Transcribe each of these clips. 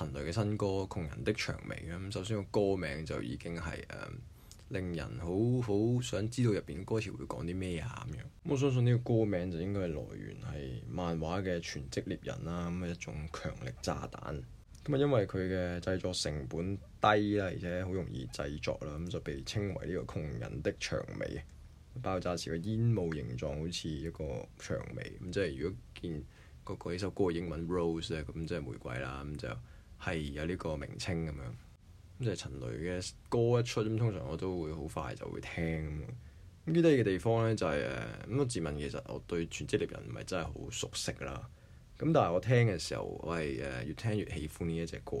陳蕾嘅新歌《窮人的薔薇》咁，首先個歌名就已經係誒、嗯、令人好好想知道入邊歌詞會講啲咩啊咁樣。我相信呢個歌名就應該係來源係漫畫嘅《全職獵人》啦，咁係一種強力炸彈咁啊。因為佢嘅製作成本低啦，而且好容易製作啦，咁就被稱為呢個窮人的薔薇。爆炸時嘅煙霧形狀好似一個薔薇咁，即係如果見嗰嗰首歌嘅英文《Rose》咧，咁即係玫瑰啦，咁就。係有呢個名稱咁樣，咁即係陳蕾嘅歌一出咁，通常我都會好快就會聽。咁呢啲嘅地方咧就係、是、誒，咁我自問其實我對全職獵人唔係真係好熟悉啦。咁但係我聽嘅時候，我係誒越聽越喜歡呢一隻歌。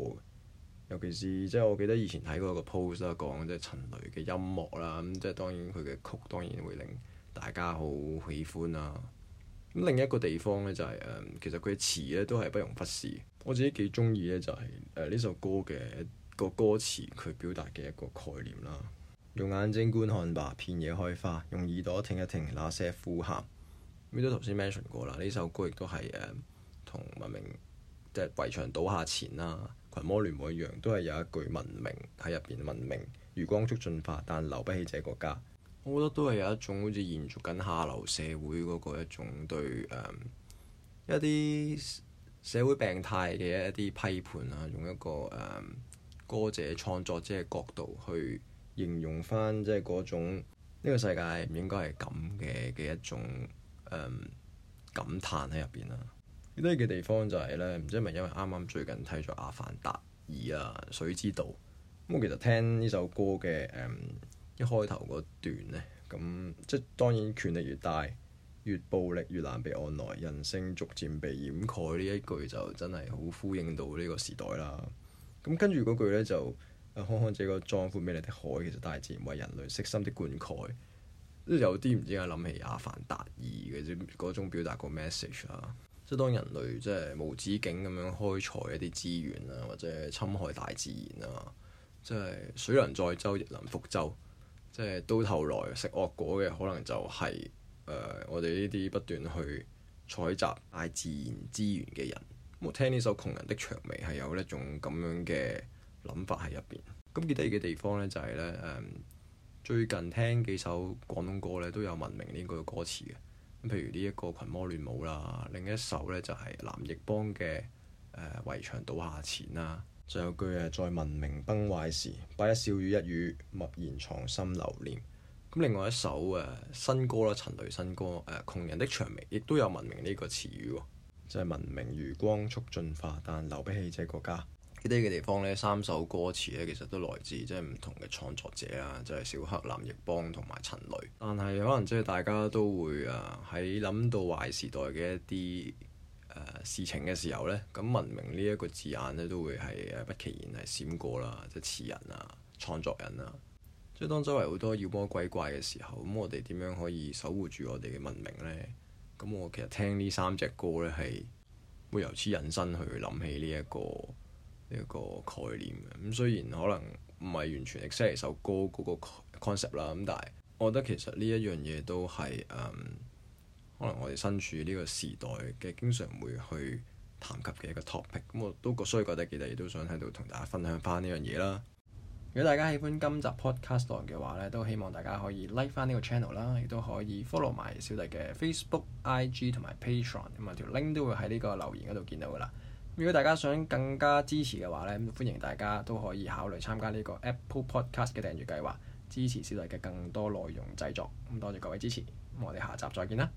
尤其是即係、就是、我記得以前睇過一個 post 都講即係陳蕾嘅音樂啦，咁即係當然佢嘅曲當然會令大家好喜歡啦。咁另一個地方咧就係、是、誒，其實佢嘅詞咧都係不容忽視。我自己幾中意咧就係誒呢首歌嘅一個歌詞，佢表達嘅一個概念啦。用眼睛觀看吧，遍野開花；用耳朵聽一聽那些呼喊。咁、嗯、都頭先 mention 過啦，呢首歌亦都係誒同文明即係圍牆倒下前啦，群魔亂舞一樣，都係有一句文明喺入邊，面文明如光速進化，但留不起這個家。我覺得都係有一種好似延續緊下流社會嗰個一種對誒、um, 一啲社會病態嘅一啲批判啊，用一個誒、um, 歌者、創作者嘅角度去形容翻，即係嗰種呢、呢個世界唔應該係咁嘅嘅一種誒、um, 感嘆喺入邊啦。最得意嘅地方就係、係、咧，唔知係咪因為啱啱最近睇咗阿凡達二啊《水之道》，咁我其實聽呢首歌嘅誒。Um, 一開頭嗰段咧，咁即係當然，權力越大越暴力，越難被按耐，人性逐漸被掩蓋。呢一句就真係好呼應到呢個時代啦。咁跟住嗰句咧，就看看這個壯闊美麗的海，其實大自然為人類悉心的灌溉。有啲唔知點解諗起阿、啊、凡達二嘅嗰種表達個 message 啦、啊，即係當人類即係無止境咁樣開採一啲資源啊，或者侵害大自然啊，即係水能載舟亦能覆舟。即係到頭來食惡果嘅，可能就係、是、誒、呃、我哋呢啲不斷去採集大自然資源嘅人。我聽呢首《窮人的薔薇》係有一種咁樣嘅諗法喺入邊。咁幾得意嘅地方呢就係、是、呢，誒、嗯、最近聽幾首廣東歌呢都有文明呢個歌詞嘅。譬如呢一個《群魔亂舞》啦，另一首呢就係、是、藍奕邦嘅誒、呃《圍牆倒下前》啦。仲有句誒，在文明崩壞時，把一笑語一語，默然藏心留念。咁另外一首誒新歌啦，陳蕾新歌誒、啊《窮人的薔薇》亦都有文明呢個詞語喎。就係文明如光速進化，但留俾棄置國家。呢啲嘅地方呢，三首歌詞呢，其實都來自即係唔同嘅創作者啊，即係小黑、藍奕邦同埋陳蕾。但係可能即係大家都會啊，喺諗到壞時代嘅一啲。呃、事情嘅時候呢，咁文明呢一個字眼呢，都會係誒不期然係閃過啦，即係詞人啊、創作人啊，即係當周圍好多妖魔鬼怪嘅時候，咁我哋點樣可以守護住我哋嘅文明呢？咁我其實聽呢三隻歌呢，係會由此引申去諗起呢、呢、一個呢一、呢個、概念嘅。咁雖然可能唔係完全 express 首歌嗰個 concept 啦，咁但係我覺得其實呢一樣嘢都係誒。嗯可能我哋身處呢個時代嘅，經常會去談及嘅一個 topic。咁我都覺，所以覺得幾得意，都想喺度同大家分享翻呢樣嘢啦。如果大家喜歡今集 podcast 嘅話呢，都希望大家可以 like 翻呢個 channel 啦，亦都可以 follow 埋小弟嘅 Facebook、IG 同埋 Patreon。咁啊條 link 都會喺呢個留言嗰度見到噶啦。如果大家想更加支持嘅話呢，咁歡迎大家都可以考慮參加呢個 Apple Podcast 嘅訂閱計劃，支持小弟嘅更多內容製作。咁多謝各位支持，咁我哋下集再見啦。